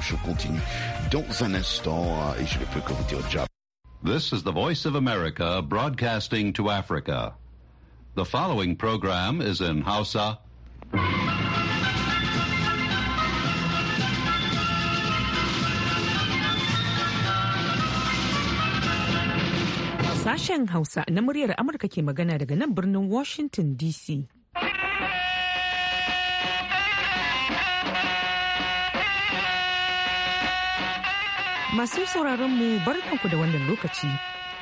Je continue dans un instant euh, et je ne peux que vous dire déjà. This is the Voice of America broadcasting to Africa. The following program is in Hausa. Sashen Hausa na muryar Amurka ke magana daga nan birnin Washington DC. Masu sauraron mu barkanku da wannan lokaci.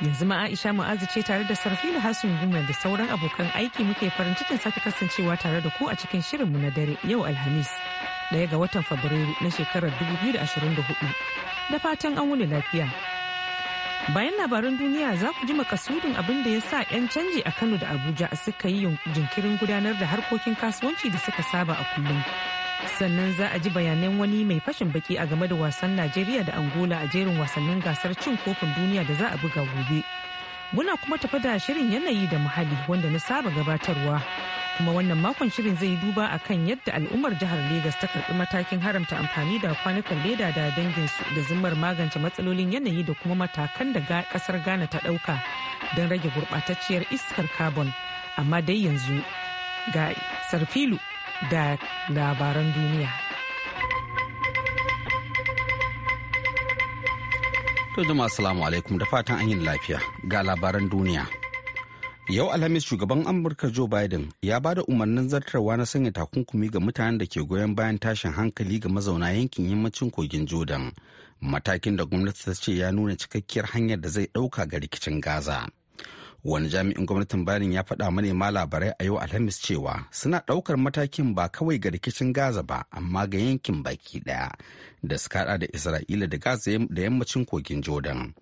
Yanzu ma Aisha Mu'azu ce tare da Sarfila Hassan Guma da sauran abokan aiki muke farin cikin sake kasancewa tare da ku a cikin shirin mu na dare yau Alhamis. Daya ga watan Fabrairu na shekarar 2024. Da fatan an wuni lafiya. Bayan labaran duniya za ku ji makasudin abin da ya sa 'yan canji a Kano da Abuja suka yi jinkirin gudanar da harkokin kasuwanci da suka saba a kullum. sannan za a ji bayanan wani mai fashin baki a game da wasan najeriya da angola a jerin wasannin gasar cin kofin duniya da za a buga gobe muna kuma tafi da shirin yanayi da muhalli wanda na saba gabatarwa kuma wannan makon shirin zai duba a kan yadda al'ummar jihar Legas ta karbi matakin haramta amfani da kwanukan leda da danginsu da zimmar magance matsalolin yanayi da kuma matakan da kasar Ghana ta dauka don rage gurɓatacciyar iskar carbon amma dai yanzu ga sarfilu da labaran duniya. To jama'a asalamu alaikum da fatan an yi lafiya ga labaran duniya. Yau Alhamis shugaban Amurka Joe Biden ya ba da umarnin zartarwa na sanya takunkumi ga mutanen da ke goyon bayan tashin hankali ga mazauna yankin yammacin kogin Jordan. Matakin da gwamnati ta ce ya nuna cikakkiyar hanyar da zai ɗauka ga rikicin Gaza. wani jami'in gwamnatin bayanin ya faɗa manema labarai a yau alhamis cewa suna ɗaukar matakin ba kawai ga rikicin gaza ba amma ga yankin baki ɗaya da suka haɗa da isra'ila da gaza da yammacin kogin jordan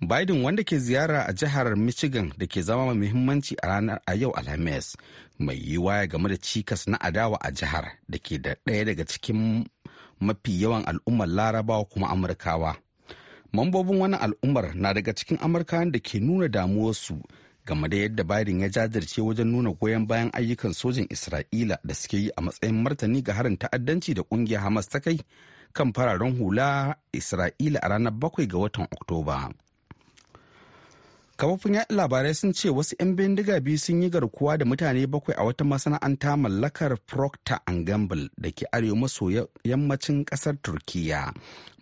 biden wanda ke ziyara a jihar michigan da ke zama mai muhimmanci a ranar a yau alhamis mai yi waya game da cikas na adawa a jihar da ke da ɗaya daga cikin mafi yawan al'ummar larabawa kuma amurkawa mambobin wani al'ummar na daga cikin amurkawan da ke nuna damuwarsu game da yadda biden ya jajirce wajen nuna goyon bayan ayyukan sojin isra'ila da suke yi a matsayin martani ga harin ta'addanci da kungiyar hamas ta kai kan fararen hula isra'ila a ranar bakwai ga watan oktoba kafofin yaɗa labarai sun ce wasu 'yan bindiga biyu sun yi garkuwa da mutane bakwai a wata masana'anta mallakar procter and gamble da ke arewa maso yammacin ƙasar turkiya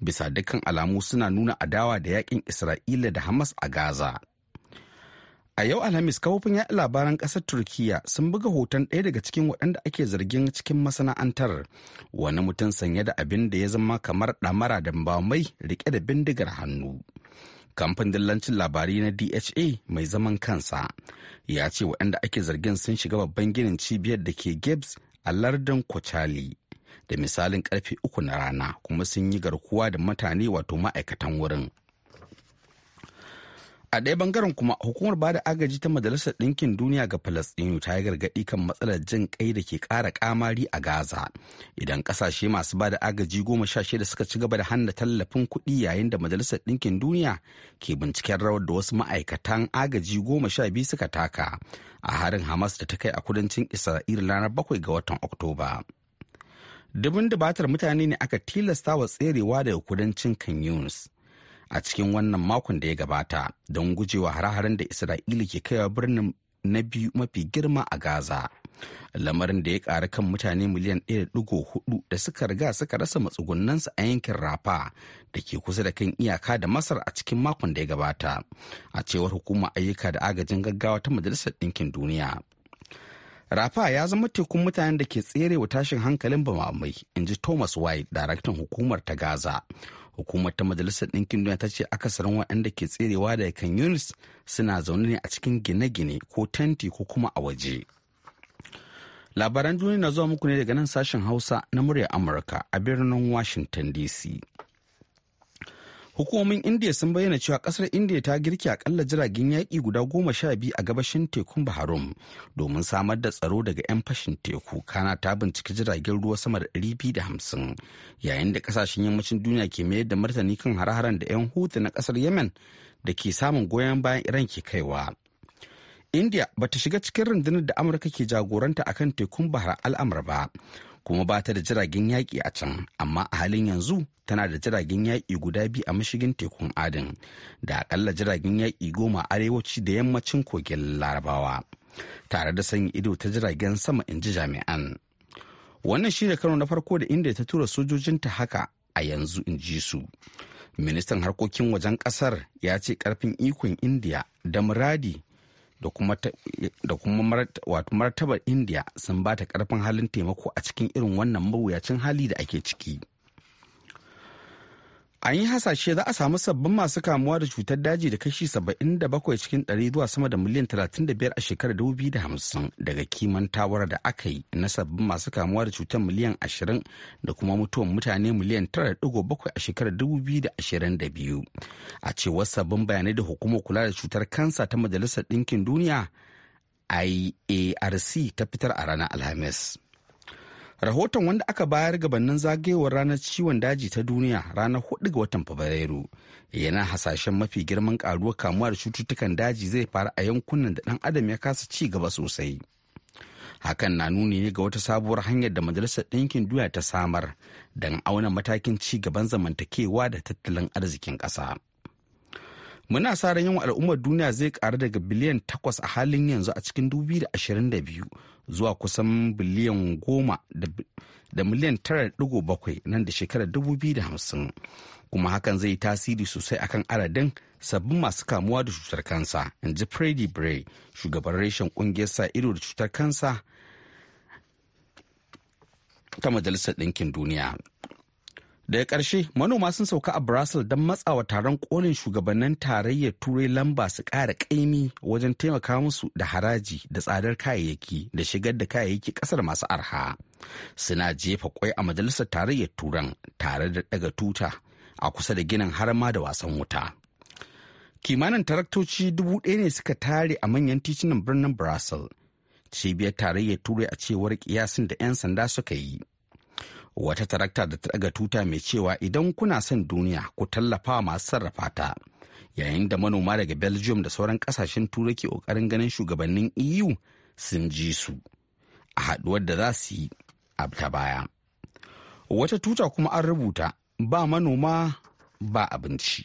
bisa dukkan alamu suna nuna adawa da yakin isra'ila da hamas a gaza a yau alhamis kafofin yaɗa labaran ƙasar turkiya sun buga hoton ɗaya daga cikin waɗanda ake zargin cikin masana'antar wani mutum sanye da abin da ya zama kamar ɗamara da bamai riƙe da bindigar hannu kamfan dillancin labarai na dha mai zaman kansa ya ce waɗanda ake zargin sun shiga babban ginin cibiyar da ke gibbs a lardin kwachali da misalin karfe uku na rana kuma sun yi garkuwa da mutane wato ma'aikatan wurin a ɗaya bangaren kuma hukumar bada agaji ta majalisar ɗinkin duniya ga falastinu ta yi gargaɗi kan matsalar jin kai da ke ƙara ƙamari a gaza idan ƙasashe masu bada agaji goma sha shida suka ci gaba da hana tallafin kuɗi yayin da majalisar ɗinkin duniya ke binciken rawar da wasu ma'aikatan agaji goma sha biyu suka taka a harin hamas da ta kai a kudancin isra'ila ranar bakwai ga watan oktoba dubin dubatar mutane ne aka tilasta wa tserewa daga kudancin kan a cikin wannan makon da ya gabata don gujewa hare-haren da isra'ila ke kaiwa birnin na biyu mafi girma a gaza lamarin da ya ƙara kan mutane miliyan 1.4 da suka riga suka rasa matsugunansu a yankin rafa da ke kusa da kan iyaka da masar a cikin makon da ya gabata a cewar hukumar ayyuka da agajin gaggawa ta majalisar ɗinkin duniya rafa ya zama tekun mutanen da ke tsere wa tashin hankalin bamamai in ji thomas white daraktan hukumar ta gaza hukumar ta majalisar ɗinkin duniya ta ce akasarin waɗanda ke tserewa da kan yunis suna zaune ne a cikin gine-gine ko tenti ko kuma a waje labaran duniya na zuwa muku ne daga nan sashen hausa na murya amurka a birnin washington dc Hukumomin India sun bayyana cewa kasar India ta girki akalla jiragen yaƙi guda goma sha biyu a gabashin tekun Baharum domin samar da tsaro daga 'yan fashin teku. Kana ta binciki jiragen ruwa sama da ɗari biyu da hamsin yayin da kasashen yammacin duniya ke mayar da martani kan hare-haren da 'yan hutu na kasar Yemen da ke samun goyon bayan Iran ke kaiwa. India bata shiga cikin rundunar da Amurka ke jagoranta akan tekun Bahar al'amur ba. kuma ba ta da jiragen yaƙi a can amma a halin yanzu tana da jiragen yaƙi guda biyu a mashigin tekun adin da akalla jiragen yaƙi goma arewaci da yammacin kogin larabawa tare da sanya ido ta jiragen sama in ji jami'an wannan shi da karo na farko da inda ta tura sojojinta haka a yanzu in ji su ministan harkokin wajen kasar ya ce karfin ikon indiya da muradi da kuma martabar indiya sun ba ta karfin halin taimako a cikin irin wannan mawuyacin hali da ake ciki. an yi hasashe za a samu sabbin masu kamuwa da cutar daji da kashi 77 cikin 100 zuwa sama da miliyan 35 a shekarar 2050 daga kiman tawar da aka yi na sabbin masu kamuwa da cutar miliyan 20 da kuma mutuwan mutane miliyan 9.7 a shekarar 2022 a cewar sabbin bayanai da hukumar kula da cutar kansa ta majalisar ɗinkin duniya iarc ta fitar a ranar alhamis rahoton wanda aka bayar gabanin zagayowar ranar ciwon daji ta duniya ranar hudu ga watan fabrairu yana hasashen mafi girman karuwa kamuwa da cututtukan daji zai faru a yankunan da dan adam ya kasa ci gaba sosai hakan na nuni ne ga wata sabuwar hanyar da majalisar ɗinkin duniya ta samar don auna matakin ci gaban zamantakewa da tattalin arzikin ƙasa muna sa ran yawan al'ummar duniya zai karu daga biliyan takwas a halin yanzu a cikin 2022 zuwa kusan biliyan goma da miliyan tara digo bakwai nan da shekarar dubu biyu da hamsin kuma hakan zai tasiri sosai akan aradin sabbin masu kamuwa da cutar kansa in ji freddy bray shugaban reshen kungiyar sa ido da cutar kansa ta majalisar ɗinkin duniya daga ƙarshe manoma sun sauka a brasil don matsawa taron ƙonin shugabannin tarayyar turai lamba su ƙara ƙaimi wajen taimaka musu da haraji da tsadar kayayyaki da shigar da kayayyaki ƙasar masu arha suna jefa kwai a majalisar tarayyar turan tare da ɗaga tuta a kusa da ginin har ma da wasan wuta kimanin taraktoci dubu ɗaya ne suka tare a manyan titunan birnin brasil cibiyar tarayyar turai a cewar kiyasin da 'yan sanda suka yi wata tarakta da ta ɗaga tuta mai cewa idan kuna son duniya ku tallafa masu sarrafa ta yayin da manoma daga belgium da sauran kasashen turai ke kokarin ganin shugabannin eu sun ji su a haɗuwar da za su yi a ta baya wata tuta kuma an rubuta ba manoma ba abinci.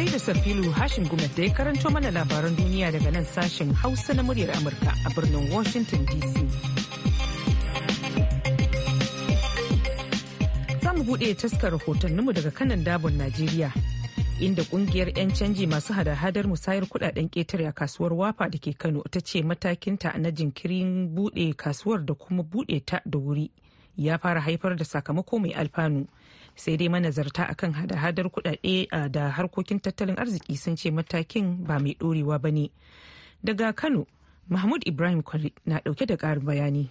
sai da Safilu Hashim Gumet da ya karanto mana labaran duniya daga nan sashen Hausa na muryar Amurka a birnin Washington DC. Za mu buɗe rahoton rahotanninmu daga kanan dabon Najeriya. Inda kungiyar 'yan canji masu hada-hadar musayar kudaden ketare a kasuwar wafa da ke Kano ta ce matakinta na jinkirin buɗe kasuwar da kuma buɗe ta da wuri ya fara haifar da sakamako mai alfanu. sai dai manazarta akan hada-hadar kudade da harkokin tattalin arziki sun ce matakin ba mai dorewa ba ne daga kano mahmud ibrahim kwari na dauke da karin bayani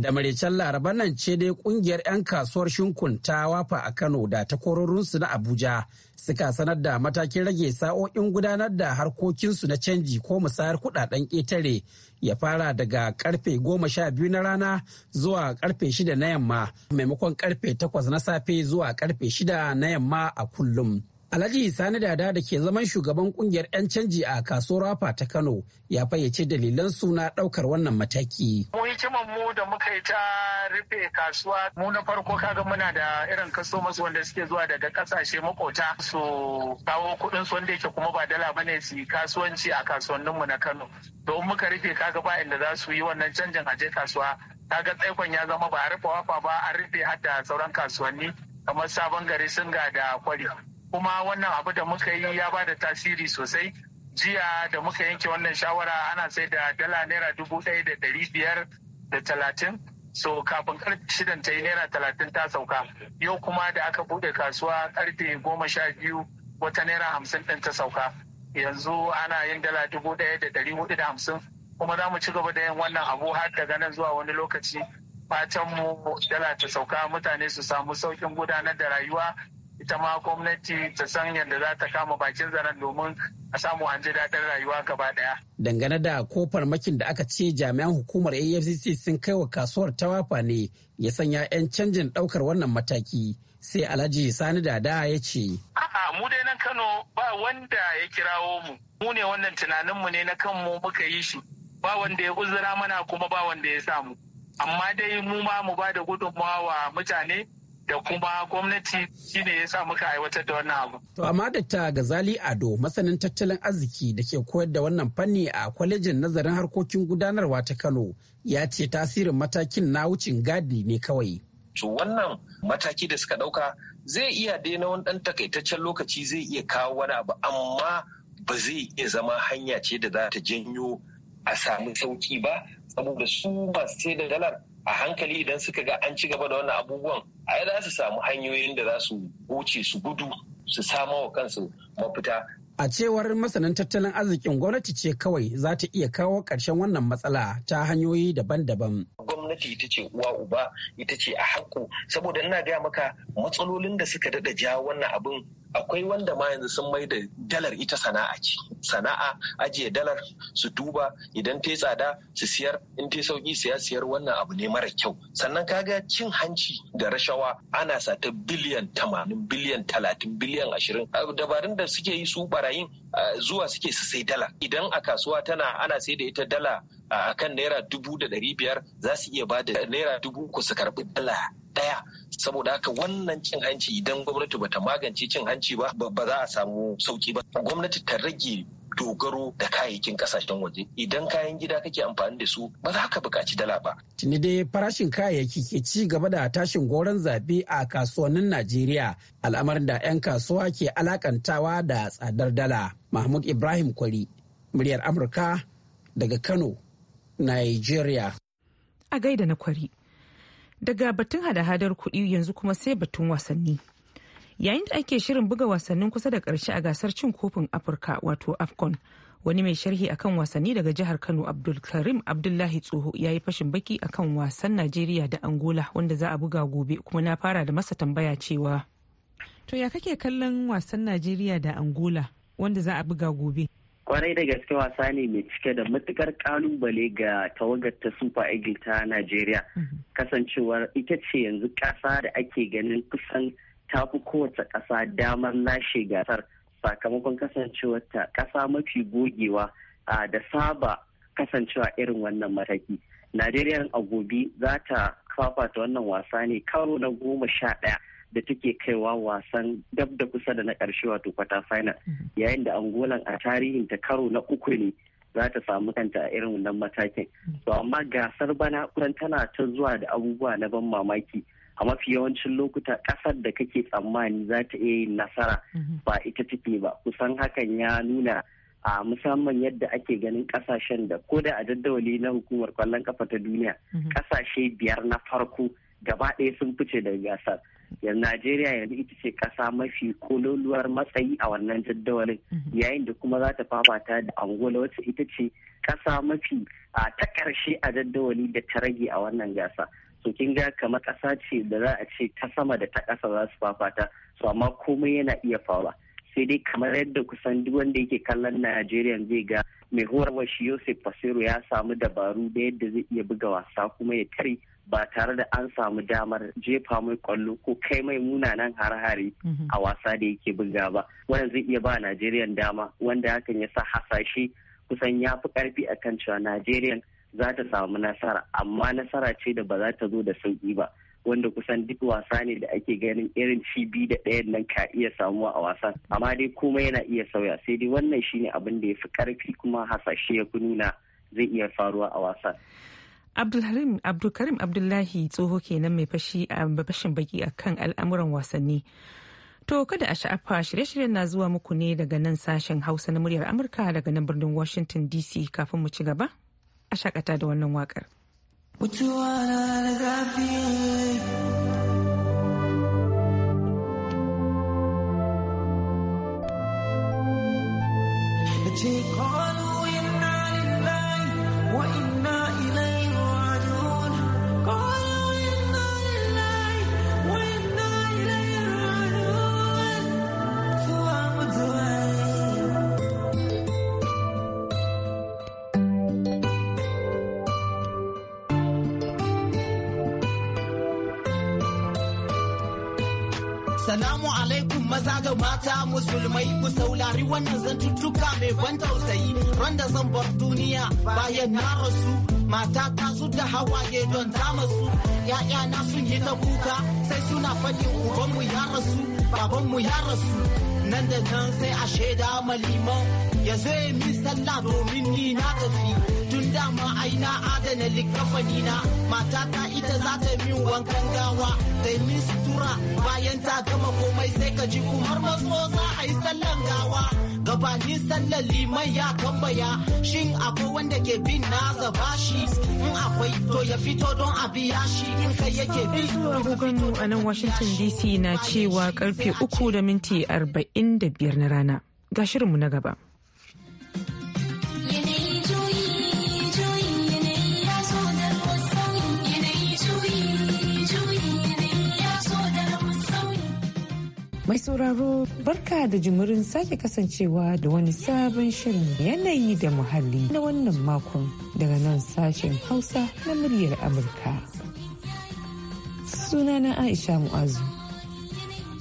Da maraicen laraba nan ce dai kungiyar 'yan kasuwar shinkun ta wafa a Kano da ta takwarorinsu na Abuja suka sanar da matakin rage sa'o'in gudanar da harkokinsu na canji ko musayar kudaden ƙetare ya fara daga karfe goma sha biyu na rana zuwa karfe shida na yamma maimakon karfe takwas na safe zuwa karfe shida na yamma a kullum. Alhaji Sani Dada da ke zaman shugaban kungiyar 'yan canji a kasuwar Rafa ta Kano ya fayyace dalilan suna daukar wannan mataki. Mu hikimar mu da muka yi ta rufe kasuwa mu na farko kaga muna da irin masu wanda suke zuwa daga kasashe makota su kawo kuɗin su wanda yake kuma ba dala bane su kasuwanci a kasuwannin mu na Kano. Don muka rufe kaga ba inda za su yi wannan canjin aje kasuwa kaga tsaikon ya zama ba a rufe wafa ba a rufe hadda sauran kasuwanni kamar sabon gari sun ga da kwari. kuma wannan abu da muka yi ya ba da tasiri sosai jiya da muka yanke wannan shawara ana sai da dala naira dubu ɗaya da ɗari biyar da talatin so kafin karfe shidan ta yi naira talatin ta sauka yau kuma da aka buɗe kasuwa karfe goma sha biyu wata naira hamsin ɗin ta sauka yanzu ana yin dala dubu ɗaya da ɗari hudu da hamsin kuma za mu ci gaba da yin wannan abu har daga nan zuwa wani lokaci fatan mu dala ta sauka mutane su samu saukin gudanar da rayuwa ita ma gwamnati ta san yadda za ta kama bakin zaren domin a samu an ji daɗin rayuwa gaba ɗaya. Dangane da ko farmakin da aka ce jami'an hukumar AFCC sun kai wa kasuwar tawafa ne ya sanya 'yan canjin ɗaukar wannan mataki. Sai Alhaji Sani Dada ya ce. A'a mu dai nan Kano ba wanda ya kirawo mu. Mu ne wannan tunaninmu ne na kanmu muka yi shi. Ba wanda ya uzura mana kuma ba wanda ya samu. Amma dai mu ma mu ba da gudunmawa mutane da kuma gwamnati shine ya sa muka aiwatar da wannan abu. To amma Dr. Gazali Ado masanin tattalin arziki da ke koyar da wannan fanni a kwalejin nazarin harkokin gudanarwa ta Kano ya ce tasirin matakin na wucin gadi ne kawai. To wannan mataki da suka ɗauka zai iya daina wani ɗan takaitaccen lokaci zai iya kawo wani abu amma ba zai iya zama hanya ce da za ta janyo a samu sauki ba saboda su masu sai da dalar a hankali idan suka ga an ci gaba da wannan abubuwan a za su samu hanyoyin da za su wuce su gudu su samo wa kansu mafita a cewar masanin tattalin arzikin gwamnati ce kawai za ta iya kawo ƙarshen wannan matsala ta hanyoyi daban-daban gwamnati ita ce uwa uba ita ce a haƙƙo saboda ina gaya maka matsalolin da suka dada ja wannan abin akwai wanda ma yanzu sun mai da dalar ita sana'a ce sana'a ajiye dalar su duba idan ta tsada su siyar in ta sauki siya siyar wannan abu ne mara kyau sannan kaga cin hanci da rashawa ana sa ta biliyan tamanin biliyan talatin biliyan ashirin dabarun da suke yi su barayin zuwa suke su sai dala idan a kasuwa tana ana sai da ita dala a kan naira dubu da ɗari biyar za su iya ba da naira dubu ku su karɓi dala ɗaya saboda haka wannan cin hanci idan gwamnati bata magance cin hanci ba ba za a samu sauki ba gwamnati ta rage dogaro da kayayyakin kasashen waje idan kayan gida kake amfani da su ba za ka buƙaci dala ba. Tuni dai farashin kayayyaki ke ci gaba da tashin goron zabe a kasuwannin Najeriya al'amarin da 'yan kasuwa ke alakantawa da tsadar dala. Mahmud Ibrahim Kwari, muryar Amurka daga Kano, Nigeria. A gaida na Kwari. Daga batun hada-hadar kuɗi yanzu kuma sai batun wasanni. Yayin da ake shirin buga wasannin kusa da ƙarshe a gasar cin kofin Afirka wato AFCON. Wani mai sharhi akan wasanni daga jihar Kano Abdulkarim Abdullahi Tsoho ya yi fashin baki akan wasan Najeriya da Angola wanda za a buga gobe kuma na fara da masa tambaya cewa. To ya kake kallon wasan Najeriya da Angola wanda za a buga gobe? kwarai da gaske wasa ne mai cike da matukar kalubale ga tawagar ta super eagle ta nigeria mhm. kasancewar ita ce yanzu kasa da ake ganin kusan tafi kowace kasa damar lashe gasar sakamakon kasancewar ta kasa mafi gogewa da saba kasancewa irin wannan mataki nigeria a gobe za ta fafata wannan wasa ne karo na goma sha ɗaya da take kaiwa wasan dab da kusa da na ƙarshe wato kwata final mm-hmm. yayin da angolan a tarihin ta karo na uku ne za ta samu kanta a irin wannan matakin mm-hmm. to amma gasar bana kudan tana ta zuwa da abubuwa na ban mamaki a mafi yawancin lokuta ƙasar da kake tsammani za ta iya yin nasara mm-hmm. ba ita take ba kusan hakan ya nuna a musamman yadda ake ganin kasashen da ko da a daddawali na hukumar kwallon kafa ta duniya kasashe biyar na farko gaba ɗaya sun fice daga gasar yanzu najeriya yanzu ita ce kasa mafi kololuwar matsayi a wannan jaddawalin mhm. yayin da kuma za ta fafata da angola wacce ita ce kasa mafi a ta ƙarshe a jaddawali da ta rage a wannan gasa so kin ga kamar kasa ce da za a ce ta sama da ta ƙasa za su fafata so amma komai yana iya faruwa sai dai kamar yadda kusan duk wanda yake kallon najeriya zai ga mai horarwa shi yosef fasero ya samu dabaru da yadda zai iya buga wasa kuma ya tare ba tare da an samu damar jefa mai kwallo ko kai mai munanan har-hare mhm. a wasa da yake buga ba wannan zai iya ba najeriya dama wanda hakan ya sa hasashe kusan ya fi karfi kan cewa najeriya za ta samu nasara amma nasara ce da ba za ta zo da sauki ba wanda kusan duk wasa ne da ake ganin irin biyu da ɗayan nan ka iya samuwa a wasan amma dai komai yana iya sauya sai dai wannan shine abin da ya fi karfi kuma hasashe ya fi nuna zai iya faruwa a wasan abdulkarim abdullahi tsoho kenan mai fashi a ah, bashin baki a kan al'amuran wasanni to kada a sha'afa shirye-shiryen na zuwa muku ne daga nan sashen hausa na muryar amurka daga nan birnin washington dc kafin mu ci gaba a shakata da wannan wakar Take all in da mata musulmai ku saulari wannan zantuttuka mai ban tausayi ran da zan bar duniya bayan na rasu mata ta su da hawaye don ta masu ya'ya na sun yi ta kuka sai suna faɗin ubanmu ya rasu babanmu ya rasu nan da nan sai a shaida maliman ya zo min sallah domin ni na tafi tun dama ai na adana likafani na mata ta ita za ta min wankan gawa yi min sutura bayan ta gama komai sai ka ji kumar maso za a yi sallan gawa gabanin sallan liman ya tambaya shin akwai wanda ke bin na zaba shi in akwai to ya fito don a biya shi in kai yake bi agogonmu a nan washington dc na cewa karfe uku da minti arba'in da biyar na rana ga shirinmu na gaba Mai sauraro barka da jimirin sake kasancewa da wani sabon shirin yanayi da muhalli na wannan makon daga nan sashen Hausa na muryar Amurka. Sunana Aisha Mu'azu.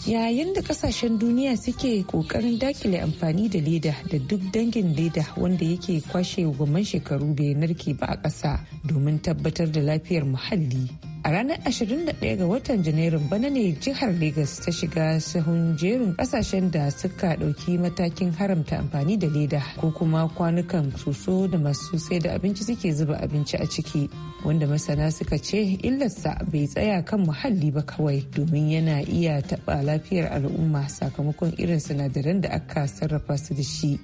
Yayin da kasashen duniya suke kokarin dakile amfani da leda da duk dangin leda wanda yake kwashe gwamman shekaru bai narke ba a ƙasa domin tabbatar da lafiyar muhalli. a ranar 21 ga watan janairun bana ne jihar Legas ta shiga sahun jerin kasashen da suka dauki matakin haramta amfani da leda ko kuma kwanukan soso da masu sai da abinci suke zuba abinci a ciki wanda masana suka ce illarsa bai tsaya kan muhalli ba kawai domin yana iya taɓa lafiyar al'umma sakamakon irin sinadaran da aka sarrafa su da shi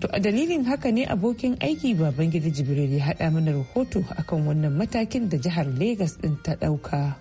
To a dalilin haka ne abokin aiki Babangida Jibril ya haɗa mana rahoto akan wannan matakin da jihar Legas ɗin ta ɗauka.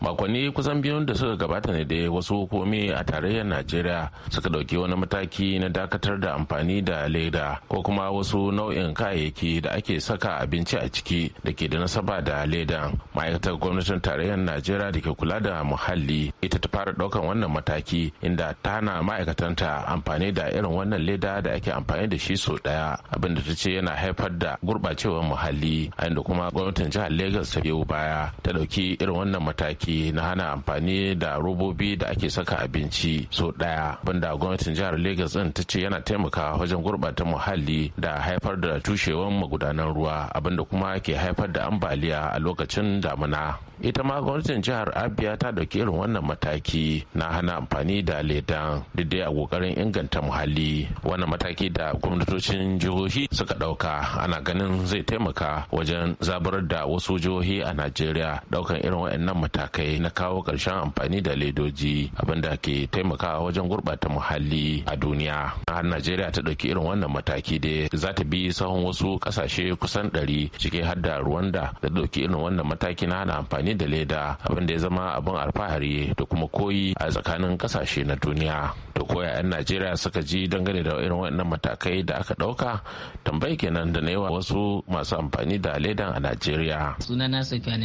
makonni kusan biyun da suka gabata ne dai wasu hukumi a tarayyar najeriya suka dauki wani mataki na dakatar da amfani da leda ko kuma wasu nau'in kayayyaki da ake saka abinci a ciki da ke da nasaba da leda ma'aikatar gwamnatin tarayyar najeriya da ke kula da muhalli ita ta fara daukan wannan mataki inda ta hana ma'aikatanta amfani da irin wannan leda da ake amfani da shi sau daya abin da ta ce yana haifar da gurɓacewar muhalli a inda kuma gwamnatin jihar lagos ta biyo baya ta dauki irin wannan mataki na hana amfani da robobi da ake saka abinci so daya banda gwamnatin jihar Lagos din ta ce yana taimaka wajen gurbata muhalli da haifar da tushewan magudanan ruwa abinda kuma ke haifar da ambaliya a lokacin damuna. Ita ma gwamnatin jihar Abia ta dauki irin wannan mataki na hana amfani da ledan duk dai a kokarin inganta muhalli. Wannan mataki da gwamnatocin jihohi suka dauka ana ganin zai taimaka wajen zabar da wasu jihohi a Najeriya daukan irin waɗannan matakai. kai na kawo ƙarshen amfani da ledoji abinda ke taimakawa wajen gurɓata muhalli a duniya har najeriya ta ɗauki irin wannan mataki da za ta bi sahun wasu ƙasashe kusan ɗari ciki har da rwanda da ɗauki irin wannan mataki na hana amfani da leda abinda ya zama abin alfahari da kuma koyi a tsakanin ƙasashe na duniya da koya 'yan najeriya suka ji dangane da irin wannan matakai da aka ɗauka tambayi kenan da naiwa wasu masu amfani da ledan a najeriya sunana sufiya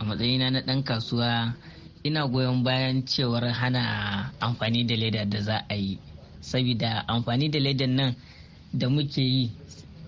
a matsayina na ɗan kasuwa cewa ina goyon bayan cewar hana amfani da leda da za a yi saboda amfani da ledan nan da muke yi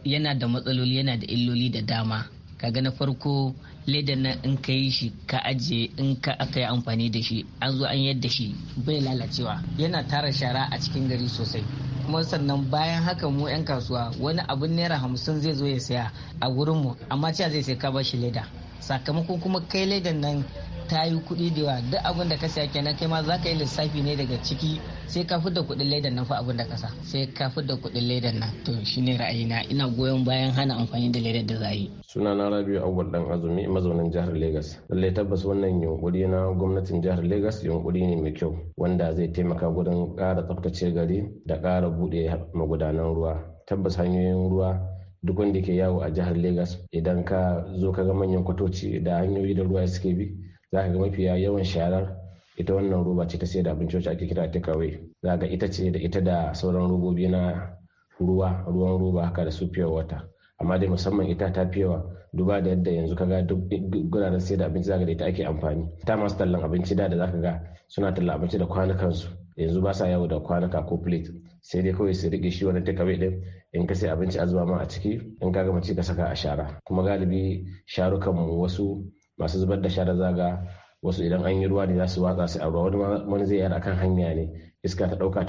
yana da matsaloli yana da illoli da dama kaga na farko ledan nan in ka yi shi ka ajiye in ka aka yi amfani da shi an zo an yadda shi bai lalacewa yana tara shara a cikin gari sosai kuma sannan bayan haka mu 'yan kasuwa wani abin naira hamsin zai zo ya saya a gurinmu amma cewa zai sai ka bashi leda sakamakon kuma kai ledan nan ta yi kuɗi da yawa duk abin da ka siya kenan kai ma za ka yi lissafi ne daga ciki sai ka fidda kuɗin ledan nan fa abin da ka sai ka fidda kuɗin ledan nan to shine ra'ayina ina goyon bayan hana amfani da ledar da za yi. sunana rabiu awal dan azumi mazaunin jihar Legas. lallai tabbas wannan yunkuri na gwamnatin jihar Legas yunkuri ne mai kyau wanda zai taimaka gurin ƙara tsaftace gari da ƙara buɗe magudanan ruwa tabbas hanyoyin ruwa duk wanda ke yawo a jihar Legas idan ka zo ka ga manyan kwatoci da hanyoyi da ruwa suke bi za ka ga mafiya yawan sharar ita wannan roba ce ta sai da abinci wacce ake kira takeaway za ga ita ce da ita da sauran robobi na ruwa ruwan roba haka da su fiye wata amma dai musamman ita ta fi yawa duba da yadda yanzu kaga duk guraren sai da abinci zaka da ita ake amfani ta masu tallan abinci da da ka ga suna tallan abinci da kwanukansu yanzu ba sa yawo da kwanuka ko plate sai dai kawai su rike shi wani takeaway din in ka sai abinci a zuba ma a ciki in ka gama ci ka saka a shara kuma galibi sharukan mu wasu masu zubar da shara zaga wasu idan an yi ruwa ne za su watsa su a ruwa wani wani zai yara kan hanya ne iska ta dauka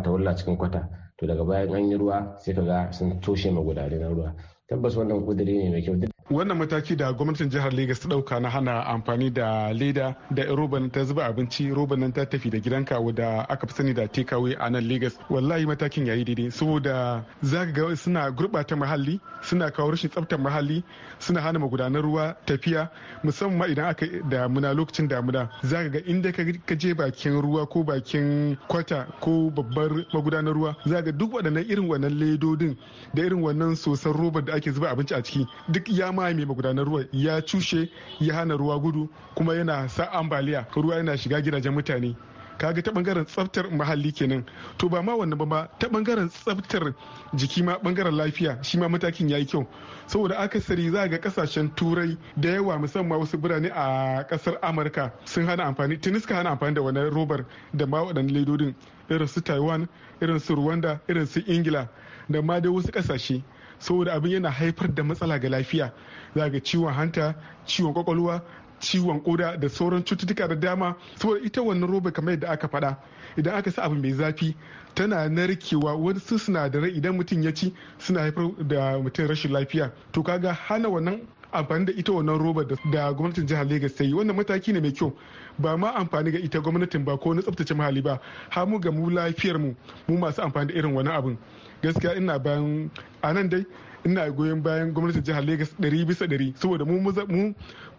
ta wulla cikin kwata to daga bayan an yi ruwa sai ka ga sun toshe na ruwa tabbas wannan kudiri ne mai kyau wannan mataki da gwamnatin jihar lagos ta dauka na hana amfani da leda da roban ta zuba abinci roban nan ta tafi da gidanka wadda aka fi sani da takeaway a nan lagos wallahi matakin yayi daidai saboda za ga suna gurbata muhalli suna kawo rashin tsaftar muhalli suna hana magudanar ruwa tafiya musamman ma idan aka damuna lokacin damuna za ga inda ka je bakin ruwa ko bakin kwata ko babbar magudanar ruwa za ga duk waɗannan irin wannan ledodin da irin wannan sosan robar da ake zuba abinci a ciki duk ya mai magudanar ruwa ya cushe ya hana ruwa gudu kuma yana sa ambaliya ruwa yana shiga gidajen mutane kaga ta bangaren tsaftar muhalli kenan to ba ma wannan ba ta bangaren tsaftar jiki ma bangaren lafiya shi ma matakin ya yi kyau saboda akasari za ga kasashen turai da yawa musamman wasu birane a kasar amurka sun hana amfani tuni suka hana amfani da wannan robar da ma waɗannan ledodin irin su taiwan irin su rwanda irin su ingila da ma dai wasu kasashe saboda abin yana haifar da matsala ga lafiya za ga ciwon hanta ciwon kwakwalwa ciwon koda da sauran cututtuka da dama saboda ita wannan roba kamar yadda aka faɗa idan aka sa abu mai zafi tana narkewa wasu sinadarai idan mutum ya ci suna haifar da mutum rashin lafiya to kaga hana wannan amfani da ita wannan roba da gwamnatin jihar Lagos ta yi wannan mataki ne mai kyau ba ma amfani ga ita gwamnatin ba ko na tsabtace muhalli ba har mu ga mu lafiyar mu mu masu amfani da irin wani abin gaskiya ina bayan a nan dai ina goyon bayan gwamnatin jihar Legas ɗari bisa ɗari saboda mu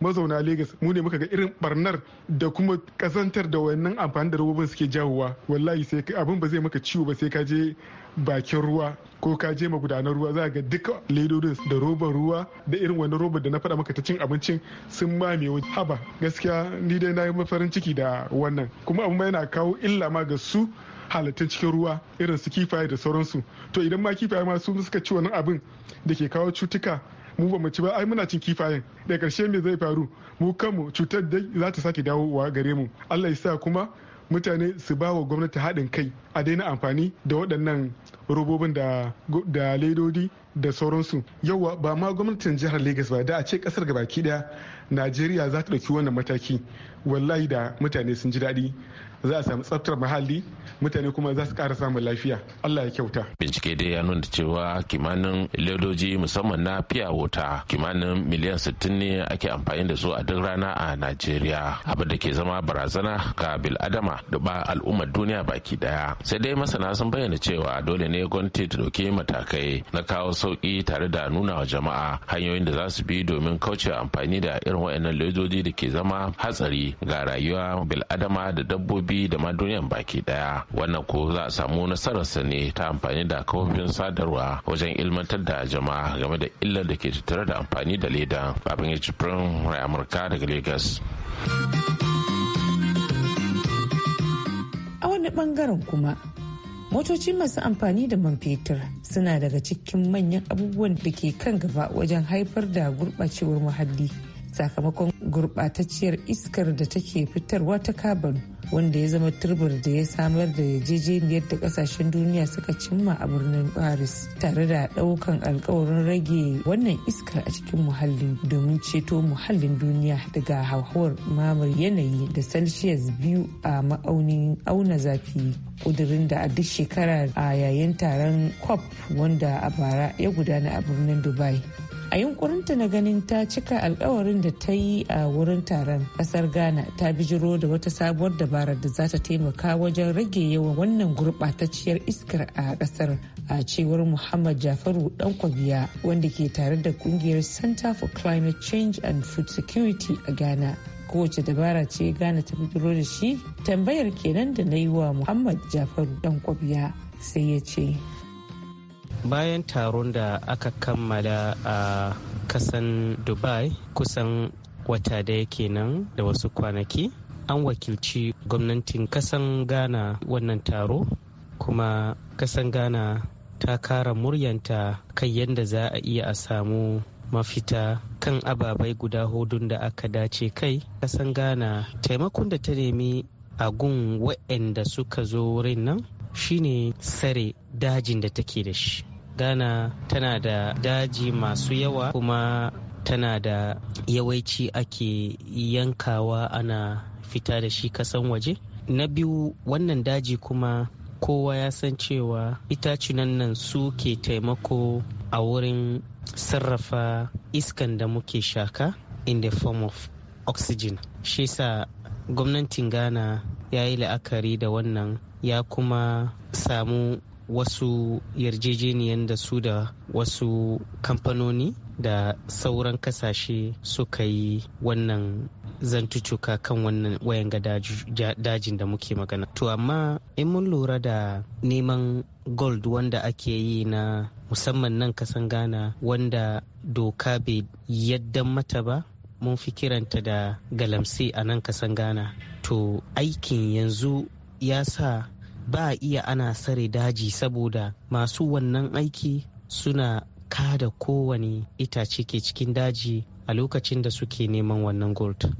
mazauna Legas mu ne muka ga irin barnar da kuma kazantar da wannan amfani da robobin suke jawowa wallahi sai abin ba zai maka ciwo ba sai ka je bakin ruwa ko ka je magudanar ruwa za ga duka ledodin da robar ruwa da irin wani robar da na faɗa maka ta cin abincin sun mame haba gaskiya ni dai na yi mafarin ciki da wannan kuma abu yana kawo illa ma ga su halittun cikin ruwa irin su kifaye da sauransu to idan ma kifaye ma su suka ci wani abin da ke kawo cutuka mu ba mu ci ba ai muna cin kifayen da ƙarshe me zai faru mu kanmu cutar dai za ta sake dawowa gare mu allah ya sa kuma mutane su ba wa gwamnati haɗin kai a daina amfani da waɗannan robobin da ledodi da sauransu yau ba ma gwamnatin jihar lagos ba da a ce kasar gabaki daya najeriya za ta ɗauki wannan mataki wallahi da mutane sun ji daɗi za a samu tsaftar muhalli mutane kuma za su ƙara samun lafiya allah ya kyauta bincike dai ya nuna cewa kimanin ledoji musamman na fiya wuta kimanin miliyan 60 ne ake amfani da su a duk rana a najeriya abin da ke zama barazana ga bil'adama da ba al'ummar duniya baki daya sai dai masana sun bayyana cewa dole ne gwamnati ta dauki matakai na kawo sauki tare da nuna wa jama'a hanyoyin da za su bi domin kauce amfani da irin wa'annan ledoji da ke zama hatsari ga rayuwa bil'adama da dabbobi dabbobi da ma duniyan baki daya wannan ko za a samu nasararsa ne ta amfani da kafofin sadarwa wajen ilmantar da jama'a game da illar da ke tattare da amfani da leda babin ya cifirin rai amurka daga lagos a wani bangaren kuma motoci masu amfani da man fetur suna daga cikin manyan abubuwan da ke kan gaba wajen haifar da gurɓacewar muhalli sakamakon gurɓatacciyar iskar da take fitarwa ta carbon wanda ya zama turbar da ya samar da yarjejeniyar da kasashen duniya suka cimma a birnin paris tare da daukan alkawarin rage wannan iskar a cikin muhallin domin ceto muhallin duniya daga hauhawar mamar yanayi da celsius biyu a ma'aunin auna zafi kudurin da a duk shekara a yayin taron cop wanda a bara ya gudana a birnin dubai a yunkurinta na ganin ta cika alkawarin da ta yi a wurin taron kasar ghana ta bijiro da wata sabuwar dabarar da za ta taimaka wajen rage yawan wannan gurɓatacciyar iskar a kasar a cewar muhammad jafaru dan kwabiya wanda ke tare da kungiyar center for climate change and food security a ghana kowace dabara ce ghana ta bijiro da shi tambayar kenan da na yi wa muhammad jafaru dan kwabiya sai ya ce bayan taron da aka kammala a kasan dubai kusan wata da yake nan da wasu kwanaki an wakilci gwamnatin kasan ghana wannan taro kuma kasan ghana ta kara muryanta kai yadda za a iya a samu mafita kan ababai guda hudun da aka dace kai kasan ghana taimakon da ta nemi a gun suka zo wurin nan shine sare dajin da take da shi ghana tana da daji masu yawa kuma tana da yawaici ake yankawa ana fita da shi kasan waje na biyu wannan daji kuma kowa ya san cewa itacunan nan su ke taimako a wurin sarrafa iskan da muke shaka in the form of oxygen shi sa gwamnatin ghana ya yi la'akari da wannan ya kuma samu wasu yarjejeniyan da su da wasu kamfanoni da sauran kasashe suka yi wannan zantucuka kan wannan wayan ga dajin da muke magana. To amma in mun lura da neman gold wanda ake yi na musamman nan kasan gana wanda doka bai yadda mata ba mun fi kiranta da galamsi a nan kasan Ghana. To aikin yanzu ya sa ba a iya ana sare daji saboda masu wannan aiki suna kada kowane itace ke cikin daji a lokacin da suke neman wannan gold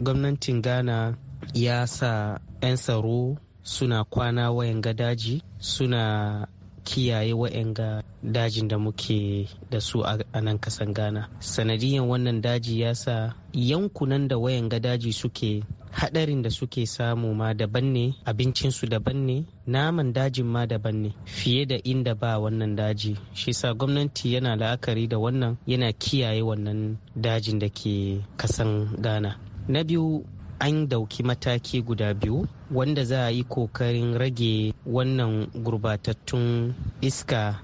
gwamnatin ghana ya sa 'yan tsaro suna kwana wayan gadaji, suna kiyaye wa'yanga dajin da muke da su a nan kasan ghana sanadiyan wannan daji ya sa yankunan da wa'yanga daji suke hadarin da suke samu ma daban ne abincinsu daban ne naman dajin ma daban ne fiye da inda ba wannan daji shi sa gwamnati yana la'akari da wannan yana kiyaye wannan dajin da ke kasan gana. na biyu an dauki mataki guda biyu wanda za a yi kokarin rage wannan gurbatattun iska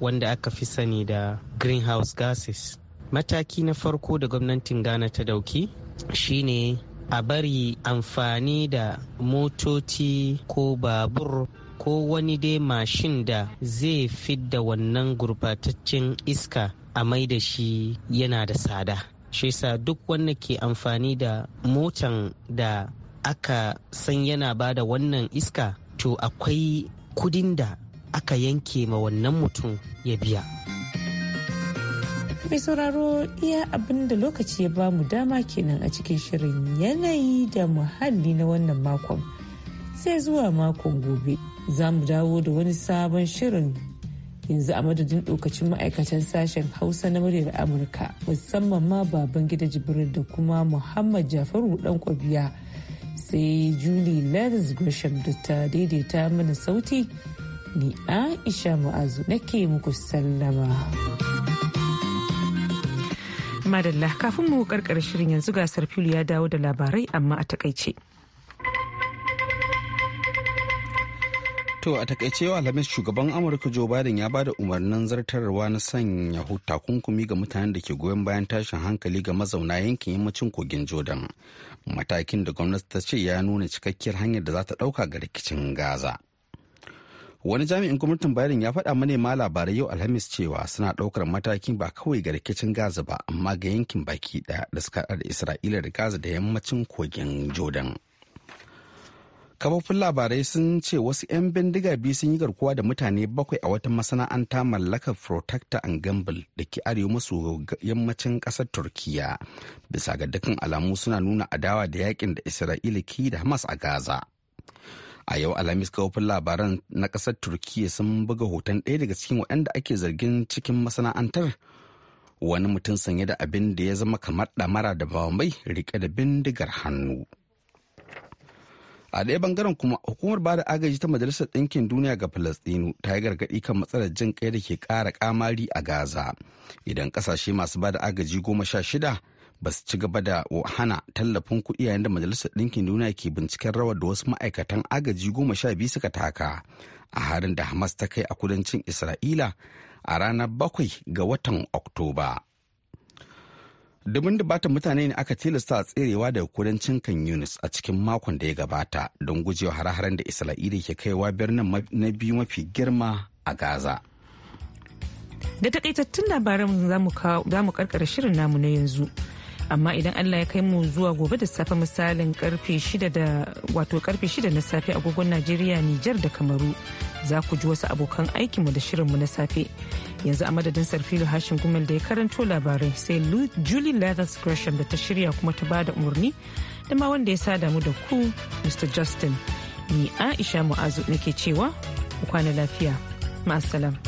wanda aka fi sani da greenhouse gases mataki na farko da gwamnatin ghana ta dauki shine a bari amfani da motoci ko babur ko wani dai mashin da zai fidda wannan gurbataccen iska a mai da shi yana da tsada shi sa duk wanda ke amfani da motan da aka san yana ba da wannan iska to akwai kudin da aka yanke ma wannan mutum ya biya mai sauraro iya abin da lokaci ya bamu dama kenan a cikin shirin yanayi da muhalli na wannan makon sai zuwa makon gobe za mu dawo da wani sabon shirin yanzu a madadin dokacin ma'aikatan sashen hausa na muryar amurka musamman ma baban gida jibril da kuma muhammad jafaru dan kwabiya sai julie lenz gresham da ta daidaita mana sauti ni aisha mu'azu nake muku sallama madalla kafin mu karkar shirin yanzu gasar fili ya dawo da labarai amma a takaice. To a takaice Alhamis shugaban Amurka Joe Biden ya bada umarnin zartarwa na sanya takunkumi ga mutanen da ke goyon bayan tashin hankali ga mazauna yankin yammacin kogin Jordan. Matakin da gwamnati ta ce ya nuna cikakkiyar hanyar da za ta dauka ga rikicin Gaza. Wani jami'in gwamnatin Biden ya faɗa manema labarai yau Alhamis cewa suna ɗaukar matakin ba kawai ga rikicin Gaza ba amma ga yankin baki ɗaya da suka da Isra'ila da Gaza da yammacin kogin Jordan. kafofin labarai sun ce wasu 'yan bindiga biyu sun yi garkuwa da mutane bakwai a wata masana'anta mallakar protector and gamble da ke arewa maso yammacin kasar turkiya bisa ga dukkan alamu suna nuna adawa da yakin da isra'ila ke da hamas a gaza a yau alhamis kafofin labaran na kasar turkiya sun buga hoton ɗaya daga cikin waɗanda ake zargin cikin masana'antar wani mutum sanye da abin da ya zama kamar ɗamara da mai, rike da bindigar hannu a ɗaya bangaren kuma hukumar bada agaji ta majalisar ɗinkin duniya ga falastinu ta yi gargaɗi kan matsalar jin kai da ke ƙara ƙamari a gaza idan ƙasashe masu bada agaji goma sha shida ba su ci gaba da hana tallafin kuɗi yayin da majalisar ɗinkin duniya ke binciken rawar da wasu ma'aikatan agaji goma sha biyu suka taka a harin da hamas ta kai a kudancin isra'ila a ranar bakwai ga watan oktoba dubin dubatan mutane ne aka tilasta tserewa daga kudancin kan yunus a cikin makon da ya gabata don gujewa hare-haren da isra'ila ke kaiwa birnin na biyu mafi girma a gaza da takaitattun labaran za mu karkara shirin namu na yanzu amma idan allah ya kai mu zuwa gobe da safe misalin karfe shida da wato karfe shida na safe agogon najeriya nijar da kamaru za ku ji wasu abokan mu da shirin mu na safe yanzu a madadin sarfilu hashin gumel da ya karanto labarai sai julie leathers gresham da ta shirya kuma ta bada umarni da ma wanda ya sada mu da ku mr justin ni aisha mu'azu nake cewa ku kwana lafiya ma'asalam.